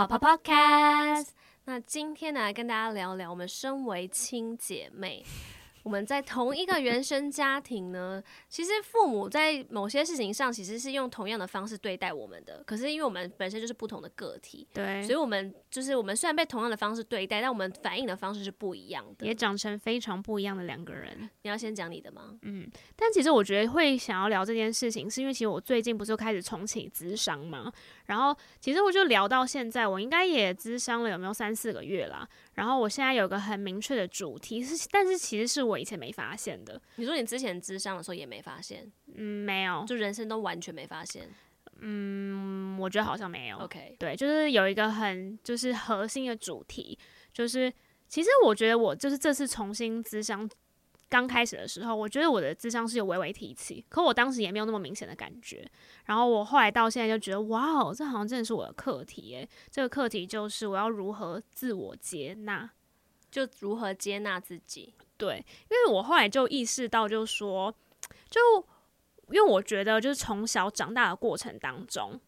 好，Podcast，那今天呢，來跟大家聊聊，我們身為親姐妹。 我們在同一個原生家庭呢， 其實父母在某些事情上其實是用同樣的方式對待我們的，可是因為我們本身就是不同的個體，對，所以我們就是我們雖然被同樣的方式對待，但我們反應的方式是不一樣的，也長成非常不一樣的兩個人。你要先講你的嗎？嗯，但其實我覺得會想要聊這件事情，是因為其實我最近不是開始重啟諮商嗎？然後其實我就聊到現在，我應該也諮商了有沒有三四個月啦。然後我現在有一個很明確的主題是，但是其實是我以前沒發現的。你說你之前諮商的時候也沒發現？嗯，沒有，就人生都完全沒發現。嗯，我覺得好像沒有。OK，對，就是有一個很就是核心的主題，就是其實我覺得我就是這次重新諮商。剛開始的時候，我覺得我的諮商，是有微微提起，可我當時也沒有那麼明顯的感覺。然後我後來到現在就覺得，哇哦，這好像真的是我的課題耶！這個課題就是我要如何自我接納，就如何接納自己。對，因為我後來就意識到，就是說，就因為我覺得，就是從小長大的過程當中。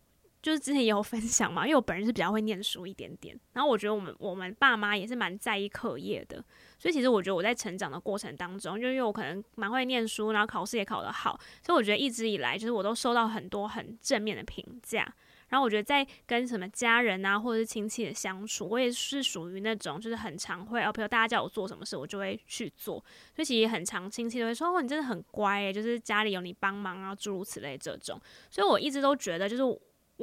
就是之前也有分享嘛，因為我本人是比較會念書一點點，然後我覺得我們我們爸媽也是蠻在意課業的，所以其實我覺得我在成長的過程當中，就因為我可能蠻會念書，然後考試也考得好，所以我覺得一直以來就是我都受到很多很正面的評價。然後我覺得在跟什麼家人啊或者是親戚的相處，我也是屬於那種就是很常會，啊，哦，比如大家叫我做什麼事，我就會去做。所以其實很常親戚都會說，哦，你真的很乖誒，就是家裡有你幫忙啊，諸如此類這種。所以我一直都覺得就是。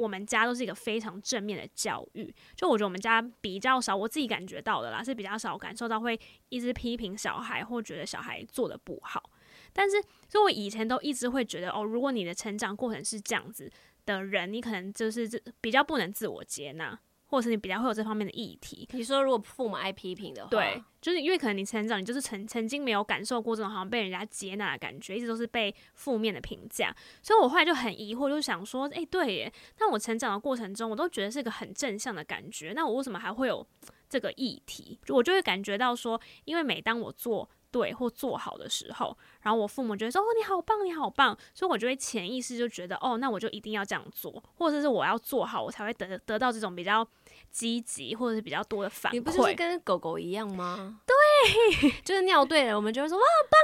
我們家都是一個非常正面的教育，就我覺得我們家比較少，我自己感覺到的啦，是比較少感受到會一直批評小孩，或覺得小孩做得不好。但是，所以我以前都一直會覺得，哦，如果你的成長過程是這樣子的人，你可能就是比較不能自我接納。或者是你比較會有這方面的議題。你說如果父母愛批評的話，對，就是因為可能你成長，你就是曾曾經沒有感受過這種好像被人家接納的感覺，一直都是被負面的評價。所以我後來就很疑惑，就想說，哎、欸，對耶，那我成長的過程中，我都覺得是個很正向的感覺，那我為什麼還會有這個議題？就我就會感覺到說，因為每當我做對或做好的時候，然後我父母覺得說，哦，你好棒，你好棒，所以我就會潛意識就覺得，哦，那我就一定要這樣做，或者是我要做好，我才會得得到這種比較積極或者是比較多的反應，你不就是跟狗狗一樣嗎？ 對，就是尿對了，我們就會說哇，棒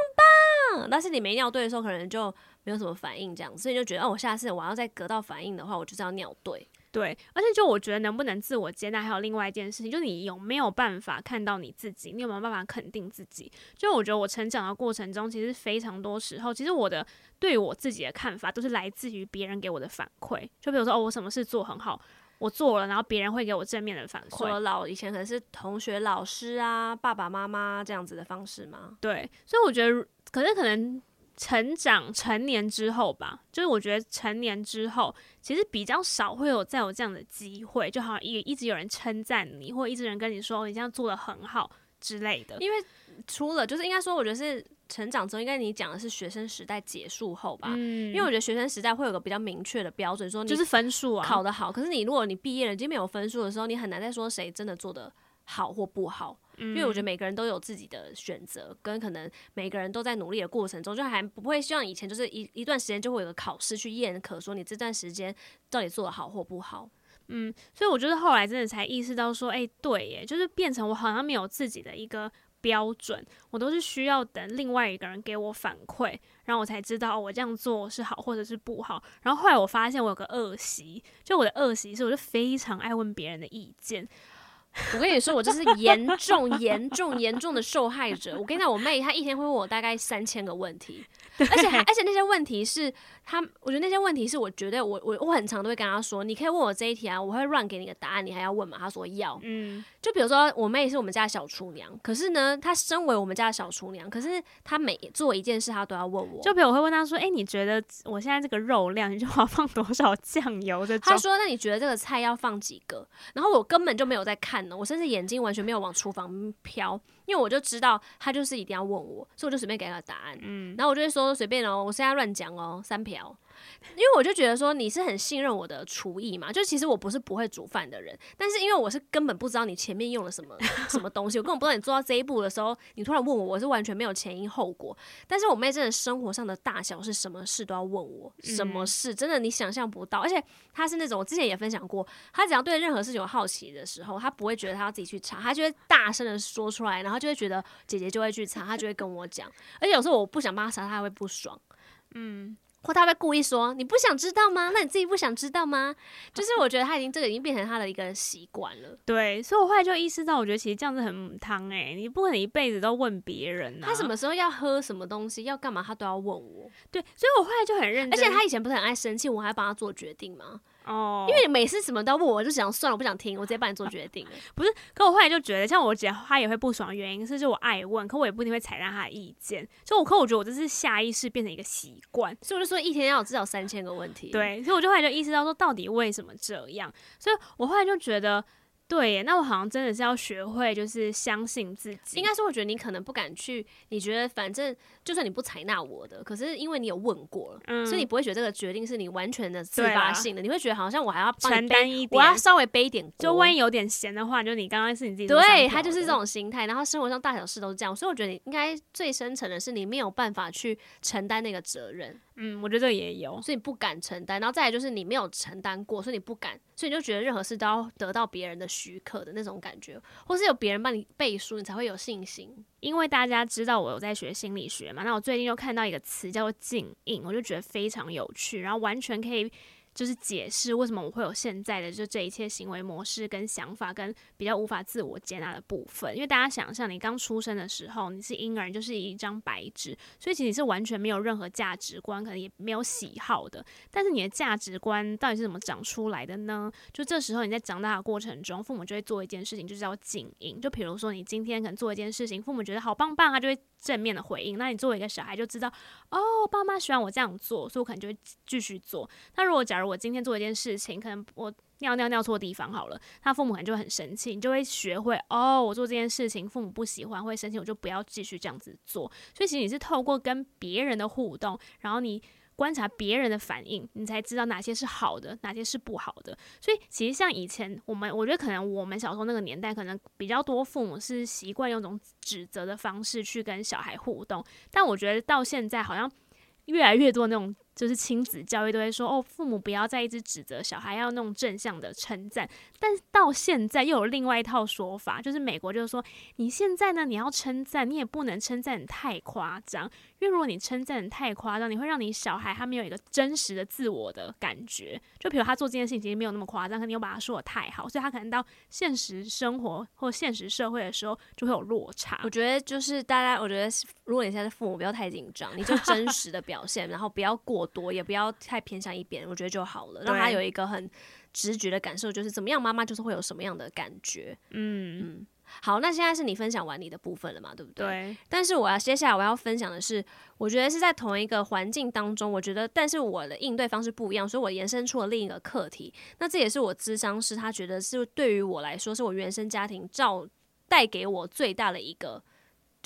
棒。但是你沒尿對的時候，可能就沒有什麼反應，這樣子，所以就覺得哦、啊，我下次我要再得到反應的話，我就是要尿對。對，而且就我覺得能不能自我接納，還有另外一件事情，就是你有沒有辦法看到你自己？你有沒有辦法肯定自己？就我覺得我成長的過程中，其實非常多時候，其實我的對我自己的看法都是來自於別人給我的反饋。就比如說哦，我什麼事做很好。我做了，然後別人會給我正面的反饋。老以前可能是同學、老師啊、爸爸媽媽這樣子的方式嗎？對，所以我覺得，可是可能成長成年之後吧，就是我覺得成年之後，其實比較少會有再有這樣的機會，就好像一一直有人稱讚你，或一直有人跟你說你這樣做得很好。之類的，因為除了就是應該說，我覺得是成長中，應該你講的是學生時代結束後吧。嗯、因為我覺得學生時代會有個比較明確的標準，說就是分數啊，考得好。是啊、可是你如果你畢業了，就沒有分數的時候，你很難再說誰真的做的好或不好。嗯、因為我覺得每個人都有自己的選擇，跟可能每個人都在努力的過程中，就還不會希望以前，就是一一段時間就會有個考試去驗可說你這段時間到底做的好或不好。嗯，所以我就是後來真的才意識到說，誒、欸，對，耶，就是變成我好像沒有自己的一個標準，我都是需要等另外一個人給我反饋，然後我才知道我這樣做是好或者是不好。然後後來我發現我有個惡習，就我的惡習是，我就非常愛問別人的意見。 我跟你說，我這是嚴重、嚴重、嚴重的受害者。我跟你講，我妹她一天會問我大概三千個問題，對而且而且那些問題是，她我覺得那些問題是，我絕對我我我很常都會跟她說，你可以問我這一題啊，我會亂給你個答案，你還要問嗎？她說要。嗯。就比如說，我妹是我們家的小廚娘，可是呢，她身為我們家的小廚娘，可是她每做一件事，她都要問我。就比如我會問她說：“哎、欸，你覺得我現在這個肉量，你就要放多少醬油？”就她說：“那你覺得這個菜要放幾個？”然後我根本就沒有在看呢，我甚至眼睛完全沒有往廚房飄，因為我就知道她就是一定要問我，所以我就隨便給她答案。嗯，然後我就會說：“隨便哦，我現在亂講哦，三瓢。”因為我就覺得說你是很信任我的廚藝嘛，就其實我不是不會煮飯的人，但是因為我是根本不知道你前面用了什麼什麼東西，我根本不知道你做到這一步的時候，你突然問我，我是完全沒有前因後果。但是我妹真的生活上的大小是什麼事都要問我，嗯、什麼事真的你想象不到，而且她是那種我之前也分享過，她只要對任何事情有好奇的時候，她不會覺得她要自己去查，她就會大聲的說出來，然後就會覺得姐姐就會去查，她就會跟我講，而且有時候我不想幫她查，她還會不爽，嗯。或他會故意說：“你不想知道嗎？那你自己不想知道嗎？”就是我覺得他已經 這個已經變成他的一個習慣了。對，所以我後來就意識到，我覺得其實這樣子很母湯誒、欸，你不可能一輩子都問別人啊。他什麼時候要喝什麼東西，要幹嘛，他都要問我。對，所以我後來就很認真，而且他以前不是很愛生氣，我還幫他做決定嗎？哦，因為你每次什麼都要問我，我就想算了，我不想聽，我直接幫你做決定、啊。不是，可我後來就覺得，像我姐她也會不爽，原因是就是我愛問，可我也不一定會採納她的意見。就我可我覺得我這是下意識變成一個習慣，所以我就說一天要有至少三千個問題。對，所以我就後來就意識到說，到底為什麼這樣？所以我後來就覺得。對耶，那我好像真的是要學會，就是相信自己。應該是我覺得你可能不敢去，你覺得反正就算你不採納我的，可是因為你有問過了，嗯，所以你不會覺得這個決定是你完全的自發性的。啊，你會覺得好像我還要幫你承擔一點，我要稍微背一點。就萬一有點閒的話，就你剛剛是你自己的對，他就是這種心態，然後生活上大小事都是這樣，所以我覺得你應該最深層的是你沒有辦法去承擔那個責任。嗯，我覺得這個也有，所以你不敢承擔，然後再來就是你沒有承擔過，所以你不敢，所以你就覺得任何事都要得到別人的許可的那種感覺，或是有別人幫你背書，你才會有信心。因為大家知道我有在學心理學嘛，那我最近又看到一個詞叫做鏡映，我就覺得非常有趣，然後完全可以。就是解釋為什麼我會有現在的就這一切行為模式跟想法跟比較無法自我接納的部分，因為大家想象你剛出生的時候，你是嬰兒，就是一張白紙，所以其實你是完全沒有任何價值觀，可能也沒有喜好的。但是你的價值觀到底是怎麼長出來的呢？就這時候你在長大的過程中，父母就會做一件事情，就是要音，就叫鏡映。就比如說你今天可能做一件事情，父母覺得好棒棒啊，就會正面的回應。那你作為一個小孩就知道，哦，爸媽喜歡我這樣做，所以我可能就會繼續做。那如果假如我今天做一件事情，可能我尿尿尿，尿錯地方，好了，他父母可能就很生氣，你就會學會哦，我做這件事情，父母不喜歡會生氣，我就不要繼續這樣子做。所以其實你是透過跟別人的互動，然後你觀察別人的反應，你才知道哪些是好的，哪些是不好的。所以其實像以前我們，我覺得可能我們小時候那個年代，可能比較多父母是習慣用這種指責的方式去跟小孩互動，但我覺得到現在好像越來越多那種。就是親子教育都會說哦，父母不要再一直指責小孩，要那種正向的稱讚。但是到現在又有另外一套說法，就是美國就是說，你現在呢，你要稱讚，你也不能稱讚得太誇張，因為如果你稱讚得太誇張，你會讓你小孩他沒有一個真實的自我的感覺。就比如他做這件事情沒有那麼誇張，可你又把他說得太好，所以他可能到現實生活或現實社會的時候就會有落差。我覺得就是大家，我覺得如果你現在父母不要太緊張，你就真實的表現， 然後不要過。多也不要太偏向一邊，我覺得就好了，對讓他有一個很直覺的感受，就是怎麼樣，媽媽就是會有什麼樣的感覺。嗯，嗯，好，那現在是你分享完你的部分了嘛？對不對？對但是我要、啊、接下來我要分享的是，我覺得是在同一個環境當中，我覺得，但是我的應對方式不一樣，所以我延伸出了另一個課題。那這也是我諮商師他覺得是對於我來說，是我原生家庭照帶給我最大的一個。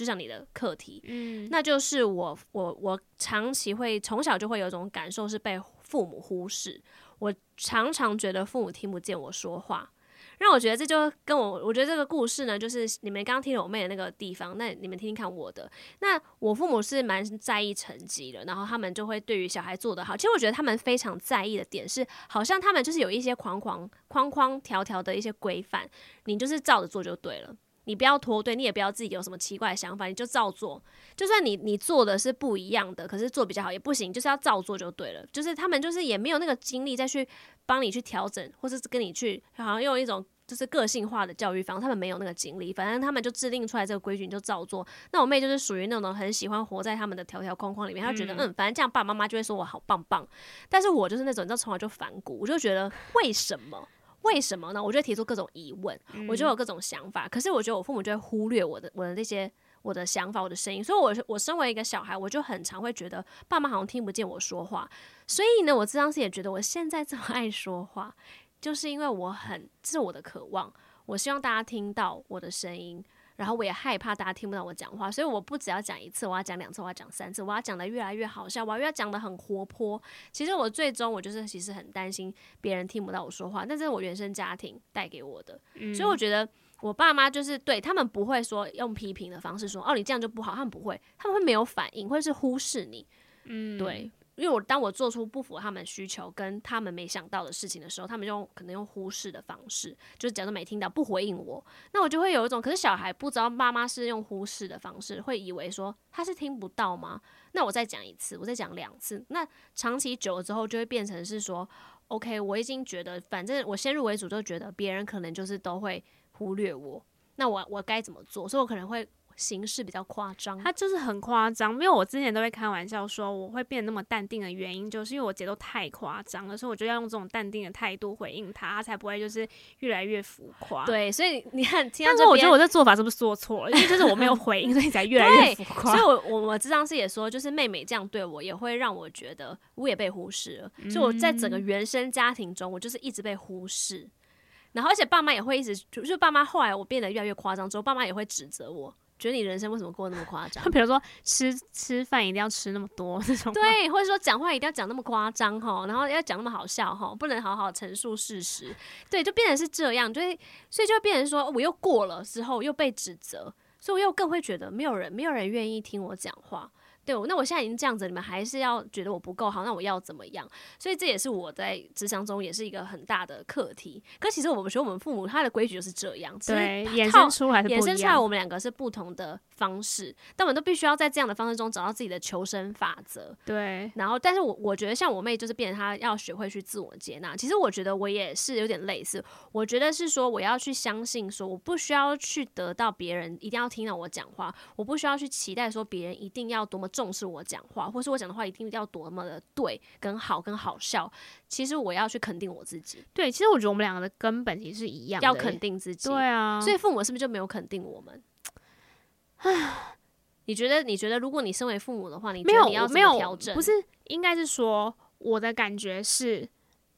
就像你的課題，嗯，那就是我我我長期會從小就會有一種感受是被父母忽視，我常常覺得父母聽不見我說話，讓我覺得這就跟我，我覺得這個故事呢，就是你們剛剛聽了我妹的那個地方，那你們聽聽看我的。那我父母是蠻在意成績的，然後他們就會對於小孩做得好，其實我覺得他們非常在意的點是，好像他們就是有一些框框框框條條的一些規範，你就是照着做就對了。你不要拖對，你也不要自己有什麼奇怪的想法，你就照做。就算你你做的是不一樣的，可是做比較好也不行，就是要照做就對了。就是他們就是也沒有那個精力再去幫你去調整，或是跟你去好像用一種就是個性化的教育方式，他們沒有那個精力。反正他們就制定出來這個規矩，你就照做。那我妹就是屬於那種很喜歡活在他們的條條框框裡面，嗯、她覺得嗯，反正這樣爸爸媽媽就會說我好棒棒。但是我就是那種你知道從小就反骨，我就覺得為什麼？為什麼呢？我就提出各種疑問，嗯、我就有各種想法。可是我覺得我父母就會忽略我的我的那些我的想法、我的聲音。所以我，我我身為一個小孩，我就很常會覺得爸媽好像聽不見我說話。所以呢，我這當時也覺得我現在這麼愛說話，就是因為我很自我的渴望。我希望大家聽到我的聲音。然後我也害怕大家聽不到我講話，所以我不只要講一次，我要講兩次，我要講三次，我要講得越來越好笑，我要講得很活潑。其實我最終我就是其實很擔心別人聽不到我說話，但是我原生家庭帶給我的。嗯，所以我覺得我爸媽就是對他們不會說用批評的方式說哦，你這樣就不好，他們不會，他們會沒有反應或者是忽視你，嗯，對。因為我當我做出不符合他們需求跟他們沒想到的事情的時候，他們就用可能用忽視的方式，就是假裝沒聽到，不回應我，那我就會有一種，可是小孩不知道媽媽是用忽視的方式，會以為說他是聽不到嗎？那我再講一次，我再講兩次，那長期久了之後，就會變成是說，OK，我已經覺得，反正我先入為主就覺得別人可能就是都會忽略我，那我我該怎麼做？所以我可能會。形式比較誇張，他就是很誇張。因為我之前都會開玩笑說，我會變得那麼淡定的原因，就是因為我節奏太誇張了。所以我就要用這種淡定的態度回應他，才不會就是越來越浮誇。對，所以你看，聽到但是我覺得我這做法是不是說錯了？因為就是我沒有回應， 所以才越來越浮誇。所以我我我這上次也說，就是妹妹這樣對我，也會讓我覺得我也被忽視了。所以我在整個原生家庭中，我就是一直被忽視。嗯，然後而且爸媽也會一直，就是爸媽後來我變得越來越誇張之後，爸媽也會指責我。覺得你人生為什麼過那麼誇張？比如說吃吃飯一定要吃那麼多那種，對，或者說講話一定要講那麼誇張哈，然後要講那麼好笑哈，不能好好陳述事實，對，就變成是這樣，就是所以就會變成說，我又過了之後又被指責，所以我又更會覺得沒有人，沒有人願意聽我講話。對，那我現在已經這樣子，你們還是要覺得我不夠好，那我要怎麼樣？所以這也是我在職場中也是一個很大的課題。可其實我們學我們父母，他的規矩就是這樣，對其實衍生出來是衍生出來，我們兩個是不同的。方式，但我們都必須要在這樣的方式中找到自己的求生法則。對，然後，但是我我覺得像我妹，就是變成她要學會去自我接納。其實我覺得我也是有點類似。我覺得是說我要去相信，說我不需要去得到別人一定要聽到我講話，我不需要去期待說別人一定要多麼重視我講話，或是我講的話一定要多麼的對跟好跟好笑。其實我要去肯定我自己。對，其實我覺得我們兩個的根本其實是一樣，要肯定自己。對啊，所以父母是不是就沒有肯定我們？啊，唉，你覺得？你覺得，如果你身為父母的話，你覺得你要怎麼調整？沒有，沒有，不是，應該是說，我的感覺是，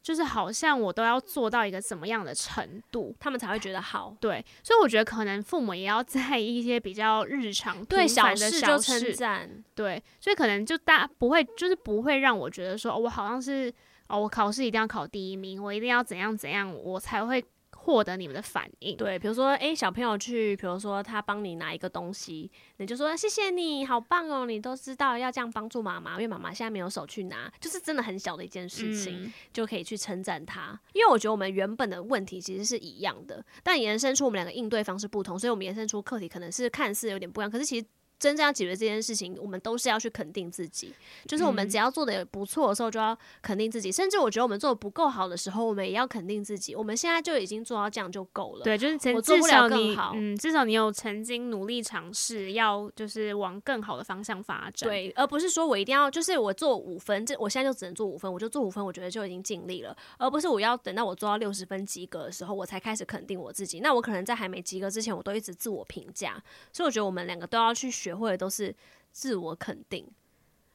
就是好像我都要做到一個怎麼樣的程度，他們才會覺得好。對，所以我覺得可能父母也要在一些比較日常對小事就稱讚，對，所以可能就大不會，就是不會讓我覺得說，哦，我好像是哦，我考試一定要考第一名，我一定要怎樣怎樣，我才會，獲得你們的反應，對，比如說，誒，小朋友去，比如說他幫你拿一個東西，你就說謝謝你，你好棒哦，你都知道要這樣幫助媽媽，因為媽媽現在沒有手去拿，就是真的很小的一件事情，嗯，就可以去稱讚他。因為我覺得我們原本的問題其實是一樣的，但延伸出我們兩個應對方式不同，所以我們延伸出課題可能是看似有點不一樣，可是其實。真正要解決這件事情，我們都是要去肯定自己。就是我們只要做的也不錯的時候，就要肯定自己。嗯、甚至我覺得我們做的不夠好的時候，我們也要肯定自己。我們現在就已經做到這樣就夠了。對，就是前我做不了更好。嗯，至少你有曾經努力嘗試，要就是往更好的方向發展。對，而不是說我一定要就是我做五分，這我現在就只能做五分，我就做五分，我覺得就已經盡力了。而不是我要等到我做到六十分及格的時候，我才開始肯定我自己。那我可能在還沒及格之前，我都一直自我評價。所以我覺得我們兩個都要去學。或者都是自我肯定，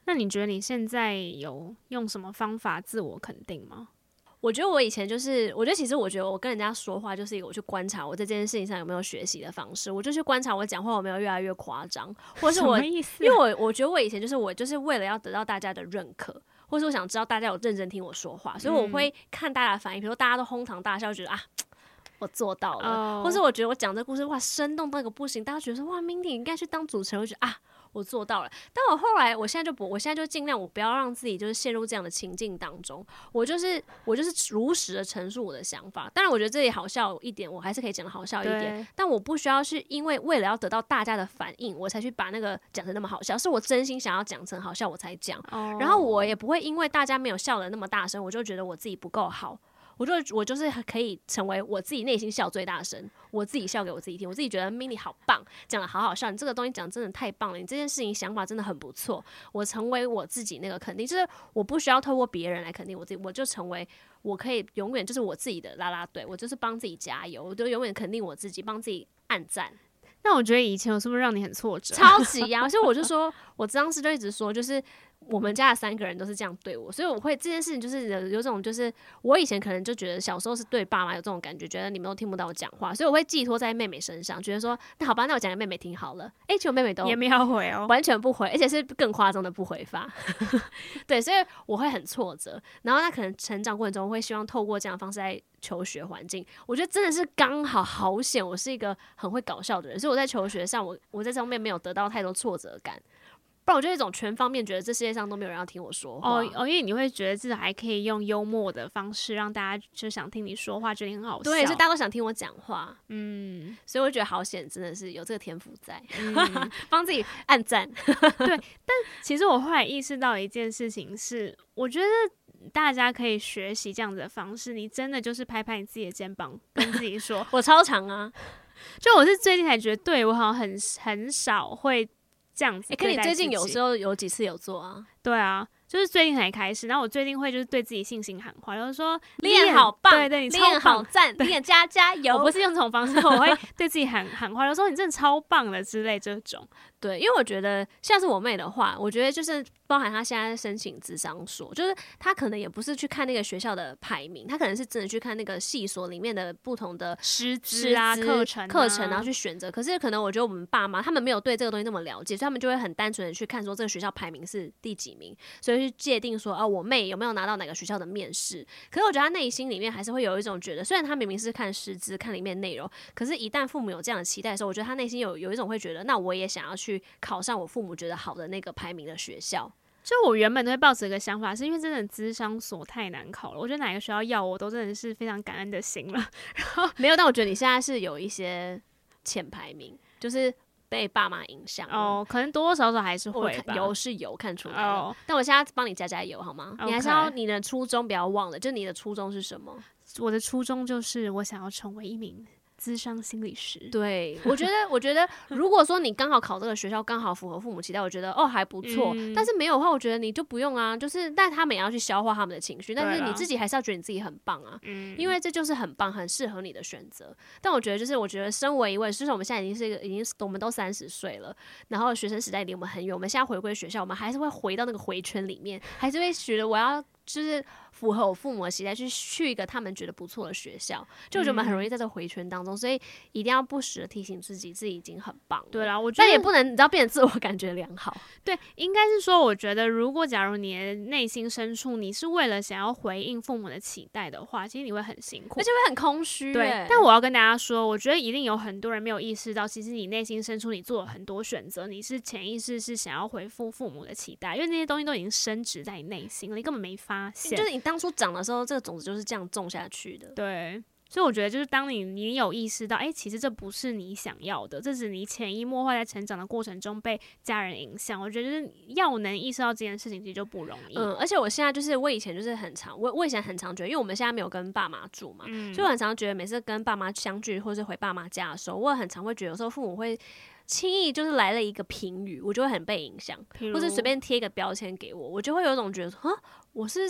那你覺得你現在有用什麼方法自我肯定嗎？我覺得我以前就是，我覺得其實我覺得我跟人家說話就是一個我去觀察我在這件事情上有沒有學習的方式，我就去觀察我講話有沒有越來越誇張，或是我，什麼意思？因為我我覺得我以前就是我就是為了要得到大家的認可，或是我想知道大家有認真聽我說話，所以我會看大家的反應，比如說大家都哄堂大笑，我覺得啊。我做到了，oh. 或是我覺得我講這故事哇，生動到一個不行，大家覺得說，哇，Mindy 你應該去當主持人，我覺得啊，我做到了。但我後來，我現在就不，我現在就盡量我不要讓自己就是陷入這樣的情境當中，我就是我就是如實的陳述我的想法。當然，我覺得這裡好笑一點，我還是可以講的好笑一點，對但我不需要是因為為了要得到大家的反應，我才去把那個講成那麼好笑，是我真心想要講成好笑我才講。Oh. 然後我也不會因為大家沒有笑的那麼大聲，我就覺得我自己不夠好。我就我就是可以成為我自己內心笑最大聲。我自己笑給我自己聽，我自己覺得 Mindy 好棒，講的好好笑，你這個東西講真的太棒了，你這件事情想法真的很不錯，我成為我自己那個肯定，就是我不需要透過別人來肯定我自己，我就成為我可以永遠就是我自己的啦啦隊，我就是幫自己加油，我就永遠肯定我自己，幫自己按讚。那我覺得以前我是不是讓你很挫折？超級呀、啊，所以我就說，我當時就一直說，就是。我們家的三個人都是這樣對我，所以我會這件事情就是有這種就是我以前可能就覺得小時候是對爸媽有這種感覺，覺得你們都聽不到我講話，所以我會寄託在妹妹身上，覺得說那好吧，那我講給妹妹聽好了。誒、欸，求妹妹都也沒有回哦，完全不回，而且是更誇張的不回法。 對，所以我會很挫折。然後他可能成長過程中會希望透過這樣的方式來求學環境，我覺得真的是剛好好險，我是一個很會搞笑的人，所以我在求學上我我在這方面沒有得到太多挫折感。不然我就一種全方面覺得這世界上都沒有人要聽我說話哦，哦，因為你會覺得自己還可以用幽默的方式讓大家就想聽你說話，覺得很好笑，對，是大家都想聽我講話。嗯，所以我覺得好險，真的是有這個天賦在，幫、嗯、自己按讚。 對，但其實我後來意識到一件事情是，我覺得大家可以學習這樣子的方式，你真的就是拍拍你自己的肩膀，跟自己說， 我超強啊！就我是最近才覺得，對我好像很很少會。這樣子，哎、欸，可你最近有時候有幾次有做啊？對啊。就是最近才開始，然後我最近會就是對自己信心喊話就是說練好棒，對，對對，你練好讚，練加對加油。我不是用這種方式， 我會對自己喊喊話，就是、說你真的超棒的之類這種。對，因為我覺得像是我妹的話，我覺得就是包含她現在申請諮商所，就是她可能也不是去看那個學校的排名，她可能是真的去看那個系所裡面的不同的師資啊、課程、啊、課程，然後去選擇。可是可能我覺得我們爸媽他們沒有對這個東西那麼了解，所以他們就會很單純的去看說這個學校排名是第幾名，所以。是界定說哦，我妹有沒有拿到哪個學校的面試？可是我覺得她內心裡面還是會有一種覺得，雖然她明明是看師資、看裡面內容，可是，一旦父母有這樣的期待的時候，我覺得她內心有有一種會覺得，那我也想要去考上我父母覺得好的那個排名的學校。就我原本都會抱着一個想法，是因為真的諮商所太難考了，我覺得哪個學校要我都真的是非常感恩的心了。然後 沒有，但我覺得你現在是有一些前排名，就是。被爸媽影響，哦，可能多多少少還是會，有是有看出來。哦，oh。但我現在幫你加加油，好嗎？Okay. 你還是要你的初衷不要忘了，就你的初衷是什麼？我的初衷就是我想要成為一名。諮商心理師，對，我覺得，我覺得，如果說你剛好考這個學校，剛好符合父母期待，我覺得哦還不錯。嗯、但是沒有的話，我覺得你就不用啊。就是，但他們也要去消化他們的情緒，但是你自己還是要覺得你自己很棒啊。嗯，因為這就是很棒，很適合你的選擇。但我覺得，就是我覺得，身為一位，就是我們現在已經是一個，已經我們都三十歲了，然後學生時代離我們很遠，我們現在回歸學校，我們還是會回到那個回圈裡面，還是會覺得我要就是。符合我父母的期待，去去一個他們覺得不錯的學校。就覺得我們很容易在這回圈當中，所以一定要不時的提醒自己，自己已經很棒了，對啦。我覺得也不能，你知道變得自我感覺良好。對，應該是說，我覺得如果假如你的內心深處你是為了想要回應父母的期待的話，其實你會很辛苦，而且會很空虛。對，對，但我要跟大家說，我覺得一定有很多人沒有意識到，其實你內心深處你做了很多選擇，你是潛意識是想要回復父母的期待，因為那些東西都已經深植在你內心了，你根本沒發現。你當初長的時候，這個種子就是這樣種下去的。對，所以我覺得就是當你你有意識到，哎、欸，其實這不是你想要的，這是你潛移默化在成長的過程中被家人影響。我覺得就是要能意識到這件事情，其實就不容易。嗯，而且我現在就是我以前就是很常我我以前很常覺得，因為我們現在沒有跟爸媽住嘛，嗯、所以我很常覺得每次跟爸媽相聚或是回爸媽家的時候，我也很常會覺得有時候父母會輕易就是來了一個評語，我就會很被影響，譬如，或者隨便貼一個標籤給我，我就會有一種覺得啊，我是。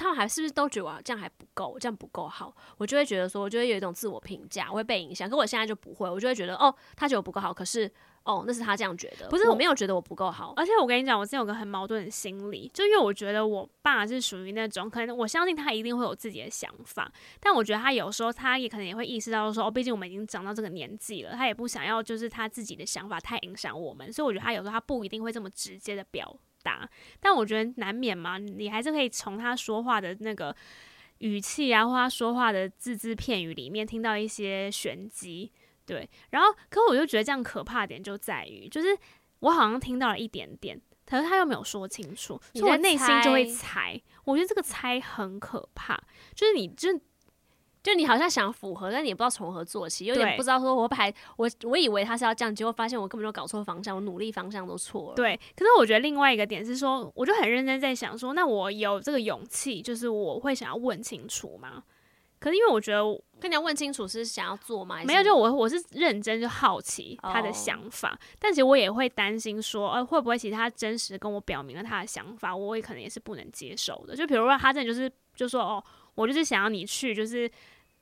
他們還是不是都覺得我這樣還不夠，這樣不夠好，我就會覺得說，我就會有一種自我評價，我會被影響。可我現在就不會，我就會覺得哦，他覺得我不夠好，可是哦，那是他這樣覺得，我不是我沒有覺得我不夠好。而且我跟你講，我現在有個很矛盾的心理，就因為我覺得我爸是屬於那種，可能我相信他一定會有自己的想法，但我覺得他有時候他也可能也會意識到說，哦，畢竟我們已經長到這個年紀了，他也不想要就是他自己的想法太影響我們，所以我覺得他有時候他不一定會這麼直接的表。答，但我覺得難免嘛，你還是可以從他說話的那個語氣啊，或他說話的隻字片語裡面聽到一些玄機。對，然後可我就覺得這樣可怕點就在於，就是我好像聽到了一點點，可是他又沒有說清楚，所以我內心就會猜。猜我覺得這個猜很可怕，就是你就是。就你好像想符合，但你也不知道從何做起，有點不知道說我，對我排我我以為他是要這樣，結果發現我根本就搞錯方向，我努力方向都錯了。對，可是我覺得另外一個點是說，我就很認真在想說，那我有這個勇氣，就是我會想要問清楚嗎？可是因為我覺得跟你要問清楚是想要做嗎？沒有，就我我是認真就好奇他的想法，oh. 但其實我也會擔心說，呃，會不會其實他真實跟我表明了他的想法，我也可能也是不能接受的。就比如說他真的就是，就說哦，我就是想要你去，就是。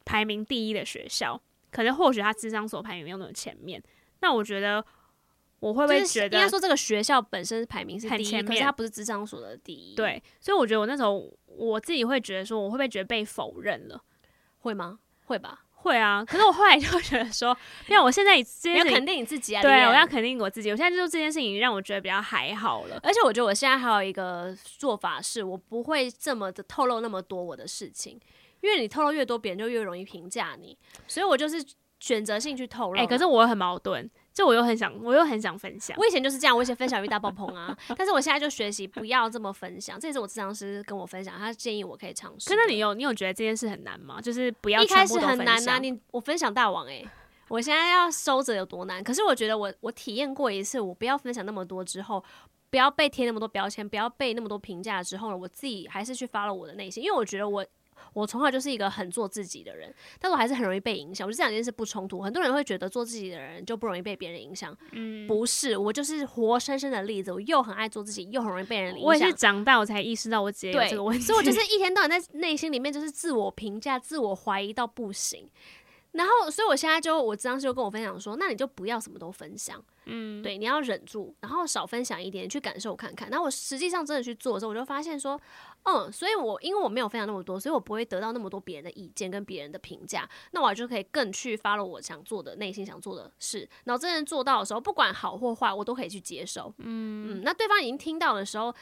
排名第一的學校，可是或許他諮商所排名沒有那麼前面。那我覺得，我會不會覺得應該說這個學校本身排名是第一，前面可是他不是諮商所的第一。對，所以我覺得我那時候我自己會覺得說，我會不會覺得被否認了？會嗎？會吧，會啊。可是我後來就會覺得說，因為 我現在也要肯定你自己啊，對，我要肯定我自己。我現在就是說這件事情讓我覺得比較還好了。而且我覺得我現在還有一個做法是，我不會這麼的透露那麼多我的事情。因為你透露越多，別人就越容易評價你，所以我就是選擇性去透露了。哎、欸，可是我很矛盾，就我又很想，我又很想分享。我以前就是這樣，我以前分享欲大爆棚啊， 但是我現在就學習不要這麼分享。這次我諮商師跟我分享，他建議我可以嘗試。那你有你有覺得這件事很難嗎？就是不要分享一開始很難啊！你我分享大王誒、欸，我現在要收着有多難？可是我覺得我我體驗過一次，我不要分享那麼多之後，不要被貼那麼多標籤，不要被那麼多評價之後呢，我自己還是去發了我的內心，因為我覺得我。我從小就是一個很做自己的人，但是我還是很容易被影響。我覺得這兩件事不衝突。很多人會覺得做自己的人就不容易被別人影響，嗯，不是，我就是活生生的例子。我又很愛做自己，又很容易被人影響。我也是長大我才意識到我自己有這個問題，所以我就是一天到晚在內心裡面就是自我評價、 自我懷疑到不行。然後，所以我現在就我當時就跟我分享說，那你就不要什麼都分享，嗯，對，你要忍住，然後少分享一點，去感受看看。然後我實際上真的去做之後，我就發現說。嗯，所以我，我因為我沒有分享那麼多，所以我不會得到那麼多別人的意見跟別人的評價，那我就可以更去 follow 我想做的內心想做的事，然後我真正做到的時候，不管好或壞，我都可以去接受。嗯嗯，那對方已經聽到的時候，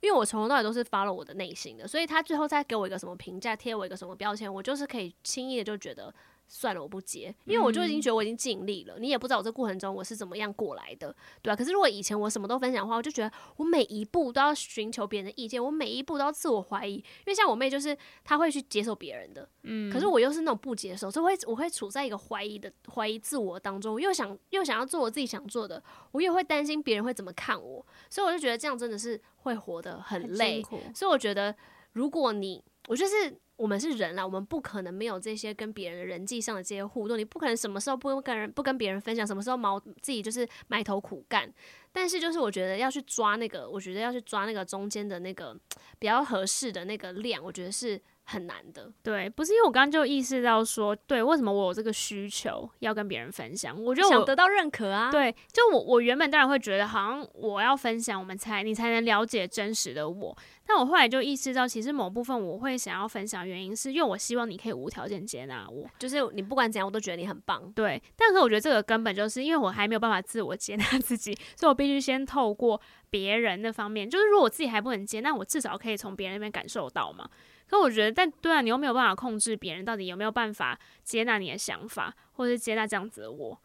因為我從頭到尾都是 follow 我的內心的，所以他最後再給我一個什麼評價，貼我一個什麼標籤，我就是可以輕易的就覺得。算了，我不接，因為我就已經覺得我已經盡力了。嗯、你也不知道我這過程中我是怎麼樣過來的，對吧、啊？可是如果以前我什麼都分享的話，我就覺得我每一步都要尋求別人的意見，我每一步都要自我懷疑。因為像我妹，就是她會去接受別人的，嗯。可是我又是那種不接受，所以我會我會處在一個懷疑的懷疑自我當中，又想又想要做我自己想做的，我又會擔心別人會怎麼看我，所以我就覺得這樣真的是會活得很累。所以我覺得，如果你，我就是。我們是人啦，我們不可能沒有這些跟別人人際上的這些互動。你不可能什麼時候不用跟人，不跟別人分享，什麼時候毛自己就是埋頭苦幹。但是就是我覺得要去抓那個，我覺得要去抓那個中間的那個比較合適的那個量，我覺得是。很難的，對，不是因為我剛剛就意識到說，對，為什麼我有這個需求要跟別人分享？我就想得到認可啊，對，就我我原本當然會覺得，好像我要分享，我們才你才能了解真實的我。但我後來就意識到，其實某部分我會想要分享，原因是因為我希望你可以無條件接納我，就是你不管怎樣，我都覺得你很棒，對。但是我覺得這個根本就是因為我還沒有辦法自我接納自己，所以我必須先透過別人那方面，就是如果我自己還不能接納，我至少可以從別人那邊感受到嘛。可我覺得，但對啊，你又沒有辦法控制別人到底有沒有辦法接納你的想法，或者是接納這樣子的我，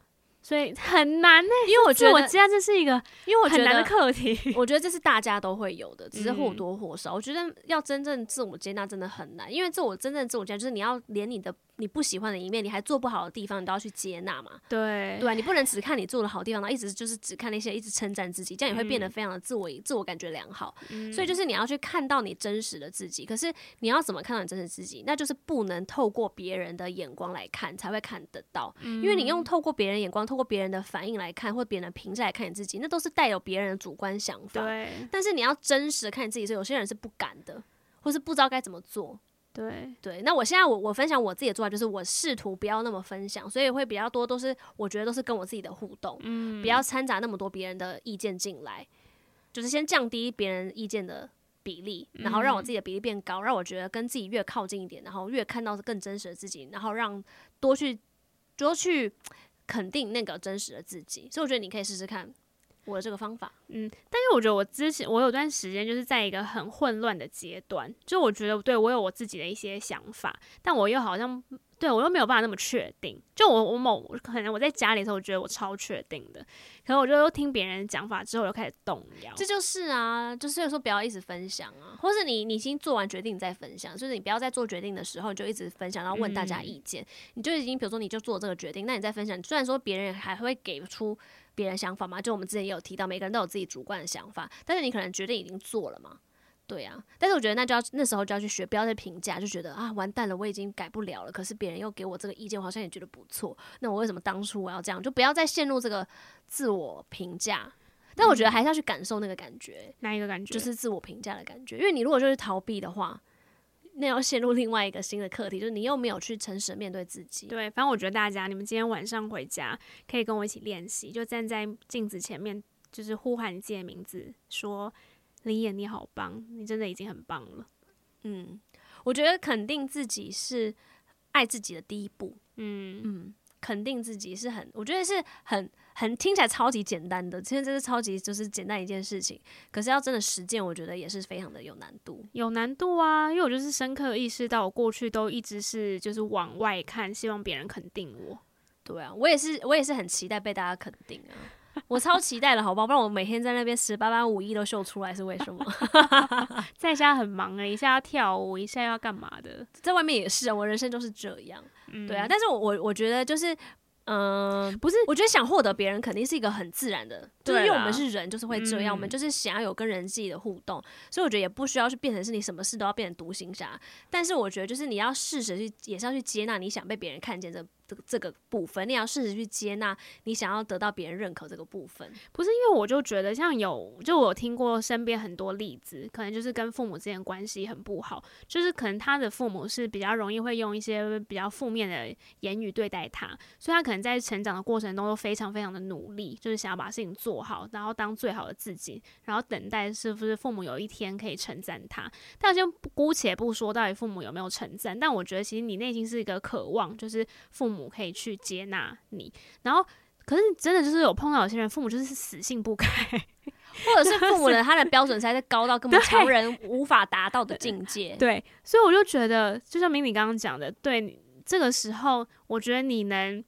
所以很難呢、欸。因為我覺得我接納這是一個，因為我覺得很難的課題，我覺得這是大家都會有的，只是或多或少。嗯、我覺得要真正自我接納真的很難，因為自我真正自我接納就是你要連你的。你不喜歡的一面，你還做不好的地方，你都要去接納嘛？對，對啊，你不能只看你做的好地方，然後一直就是只看那些一直稱讚自己，這樣也會變得非常的自我、嗯、自我感覺良好。嗯、所以就是你要去看到你真實的自己。可是你要怎麼看到你真實的自己？那就是不能透過別人的眼光來看，才會看得到。嗯、因為你用透過別人眼光、透過別人的反應來看，或別人的評價來看你自己，那都是帶有別人的主觀想法。對。但是你要真實的看你自己，所以有些人是不敢的，或是不知道該怎麼做。對對，那我現在我我分享我自己的做法，就是我試圖不要那麼分享，所以會比較多都是我覺得都是跟我自己的互動，嗯，不要摻雜那麼多別人的意見進來，就是先降低別人意見的比例，然後讓我自己的比例變高，嗯，讓我覺得跟自己越靠近一點，然後越看到更真實的自己，然後讓多去多去肯定那個真實的自己，所以我覺得你可以試試看。我的這個方法，嗯，但是我覺得我之前我有段時間就是在一個很混亂的階段，就我覺得對我有我自己的一些想法，但我又好像對我又沒有辦法那麼確定。就我我某可能我在家裡頭，我覺得我超確定的，可能我就又聽別人講法之後，又開始動搖。這就是啊，就是有時候不要一直分享啊，或是你你先做完決定再分享，就是你不要在做決定的時候就一直分享，然後問大家意見，嗯、你就已經比如說你就做這個決定，那你再分享，雖然說別人還會給出。別人想法嘛，就我們之前也有提到，每個人都有自己主觀的想法，但是你可能決定已經做了嘛。對呀、啊。但是我覺得那就要那時候就要去學，不要再評價，就覺得啊，完蛋了，我已經改不了了。可是別人又給我這個意見，我好像也覺得不錯。那我為什麼當初我要這樣？就不要再陷入這個自我評價。嗯、但我覺得還是要去感受那個感覺，哪一個感覺？就是自我評價的感覺，因為你如果就是逃避的話。那要陷入另外一個新的課題，就是你又沒有去誠實面對自己。對，反正我覺得大家，你們今天晚上回家可以跟我一起練習，就站在鏡子前面，就是呼喚你自己的名字，說：“李演，你好棒，你真的已經很棒了。”嗯，我覺得肯定自己是愛自己的第一步。嗯嗯，肯定自己是很，我覺得是很。很聽起來超級簡單的，其實這是超級就是簡單一件事情，可是要真的實踐，我覺得也是非常的有難度。有難度啊，因為我就是深刻意識到，我過去都一直是就是往外看，希望別人肯定我。對啊，我也是，我也是很期待被大家肯定啊， 我超期待的好不好？不然我每天在那邊十八般武藝都秀出來是為什麼？ 在家很忙哎、欸，一下要跳舞，一下要幹嘛的？在外面也是啊，我人生就是這樣。嗯、對啊，但是我我覺得就是。嗯、呃，不是，我覺得想獲得別人肯定是一個很自然的，對啦，就是因為我們是人，就是會這樣，嗯、我們就是想要有跟人際的互動，所以我覺得也不需要去變成是你什麼事都要變成獨行俠，但是我覺得就是你要試着去，也是要去接納你想被別人看見的。這個這個部分，你要試着去接納你想要得到別人認可這個部分，不是因為我就覺得像有就我有聽過身邊很多例子，可能就是跟父母之間關係很不好，就是可能他的父母是比較容易會用一些比較負面的言語對待他，所以他可能在成長的過程中都非常非常的努力，就是想要把事情做好，然後當最好的自己，然後等待是不是父母有一天可以稱讚他。但先姑且不說到底父母有沒有稱讚，但我覺得其實你內心是一個渴望，就是父母。父母可以去接納你，然後可是真的就是有碰到有些人，父母就是死性不改，或者是父母的 他的標準實在是高到根本常人無法達到的境界對。對，所以我就覺得，就像 Mindy 剛剛講的，對這個時候，我覺得你能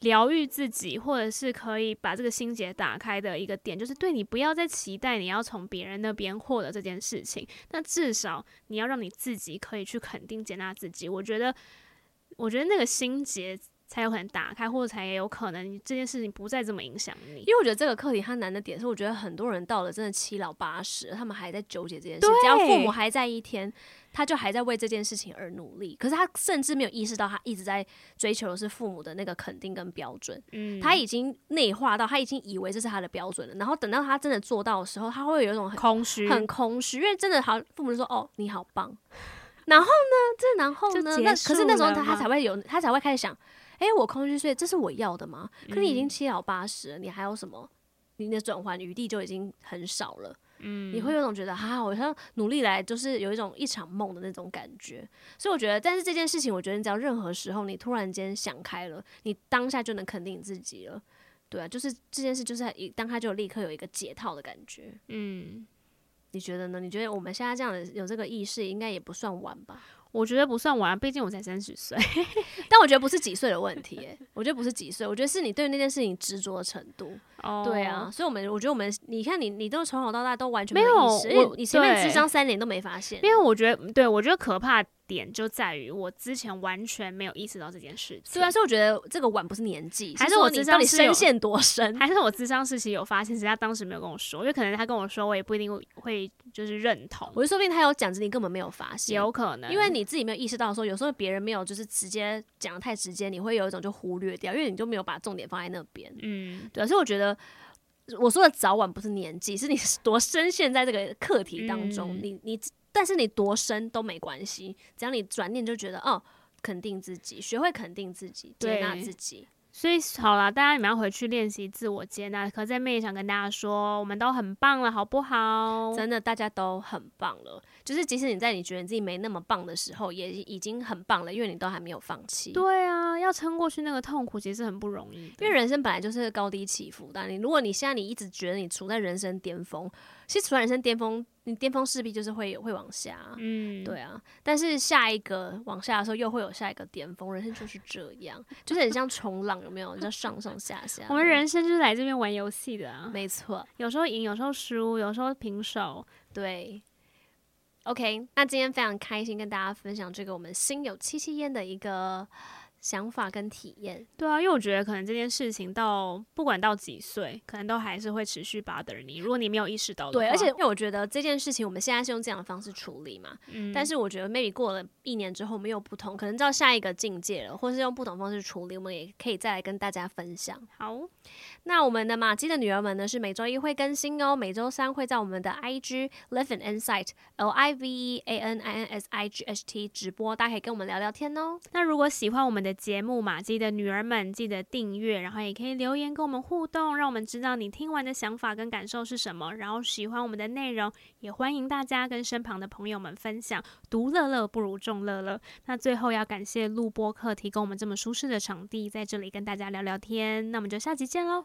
療癒自己，或者是可以把這個心結打開的一個點，就是對你不要再期待你要從別人那邊獲得這件事情，那至少你要讓你自己可以去肯定接納自己。我覺得，我覺得那個心結。才有可能打開，或者才有可能，這件事情不再這麼影響你。因為我覺得這個課題它難的點是，我覺得很多人到了真的七老八十，他們還在糾結這件事。對只要父母還在一天，他就還在為這件事情而努力。可是他甚至沒有意識到，他一直在追求的是父母的那個肯定跟標準。嗯，他已經內化到，他已經以為這是他的標準了。然後等到他真的做到的時候，他會有一種很空虛虛，很空虛。因為真的好，父母就說：“哦，你好棒。”然後呢？這然後呢？那可是那時候他才會有，他才會開始想。誒、欸，我空虛稅，這是我要的嗎？可你已經七老八十了，嗯、你還有什麼？你的轉圜餘地就已經很少了。嗯，你會有種覺得，哈哈，好像努力來，就是有一種一場夢的那種感覺。所以我覺得，但是這件事情，我覺得你只要任何時候你突然間想開了，你當下就能肯定自己了。對啊，就是這件事，就是一當他就立刻有一個解套的感覺。嗯，你覺得呢？你覺得我們現在這樣的有這個意識，應該也不算晚吧？我覺得不算晚，畢竟我才三十歲。但我覺得不是幾歲的問題，欸，我覺得不是幾歲，我覺得是你對那件事情執着的程度。Oh, 對啊，所以我們我覺得我們你看你你都從小到大都完全沒有意識，沒有，我你你前面智商三年都沒發現。因為我覺得，對我覺得可怕點就在於我之前完全沒有意識到這件事情。對啊，所以我覺得這個晚不是年紀，還是我諮商師你深陷多深，還是我諮商師其實有發現，只是他當時沒有跟我說。因為可能他跟我說，我也不一定會就是認同。我就說不定他有講，只是你根本沒有發現，有可能，因為你自己沒有意識到說，有時候別人沒有，就是直接講的太直接，你會有一種就忽略掉，因為你就沒有把重點放在那邊。嗯，對啊，所以我覺得。我說的早晚不是年紀，是你多深陷在這個課題當中，嗯、你你，但是你多深都沒關係，只要你轉念就覺得哦，肯定自己，學會肯定自己，接納自己。所以好啦，大家你們要回去練習自我接納。可是在妹也想跟大家說，我們都很棒了，好不好？真的，大家都很棒了。就是即使你在你覺得你自己沒那麼棒的時候，也已經很棒了，因為你都還沒有放棄。對啊，要撐過去那個痛苦，其實很不容易。因為人生本來就是高低起伏的啊。你如果你現在你一直覺得你處在人生巔峰。其實，除了人生巔峰，你巔峰勢必就是會有會往下，嗯，對啊。但是下一個往下的時候，又會有下一個巔峰。人生就是這樣，就是很像衝浪，有沒有？ 就上上下下。我們人生就是來這邊玩遊戲的啊，沒錯。有時候贏，有時候輸，有時候平手，對。OK，那今天非常開心跟大家分享這個我們心有戚戚焉的一個。想法跟體驗，對啊，因為我覺得可能這件事情到不管到幾歲，可能都還是會持續 bother 你，如果你沒有意識到的，對，而且因為我覺得這件事情我們現在是用這樣的方式處理嘛，嗯，但是我覺得 maybe 過了一年之後，我們又不同，可能到下一個境界了，或是用不同方式處理，我們也可以再來跟大家分享。好。那我們的馬姬的女兒們呢？是每周一會更新哦，每周三會在我們的 IG Live an Insight L I V E A N I N S I G H T 直播，大家可以跟我們聊聊天哦。那如果喜歡我們的節目，馬姬的女兒們記得訂閱，然後也可以留言跟我們互動，讓我們知道你聽完的想法跟感受是什麼。然後喜歡我們的內容，也歡迎大家跟身旁的朋友們分享，獨樂樂不如眾樂樂。那最後要感謝錄播客提供我們這麼舒適的場地，在這裡跟大家聊聊天。那我們就下集見嘍。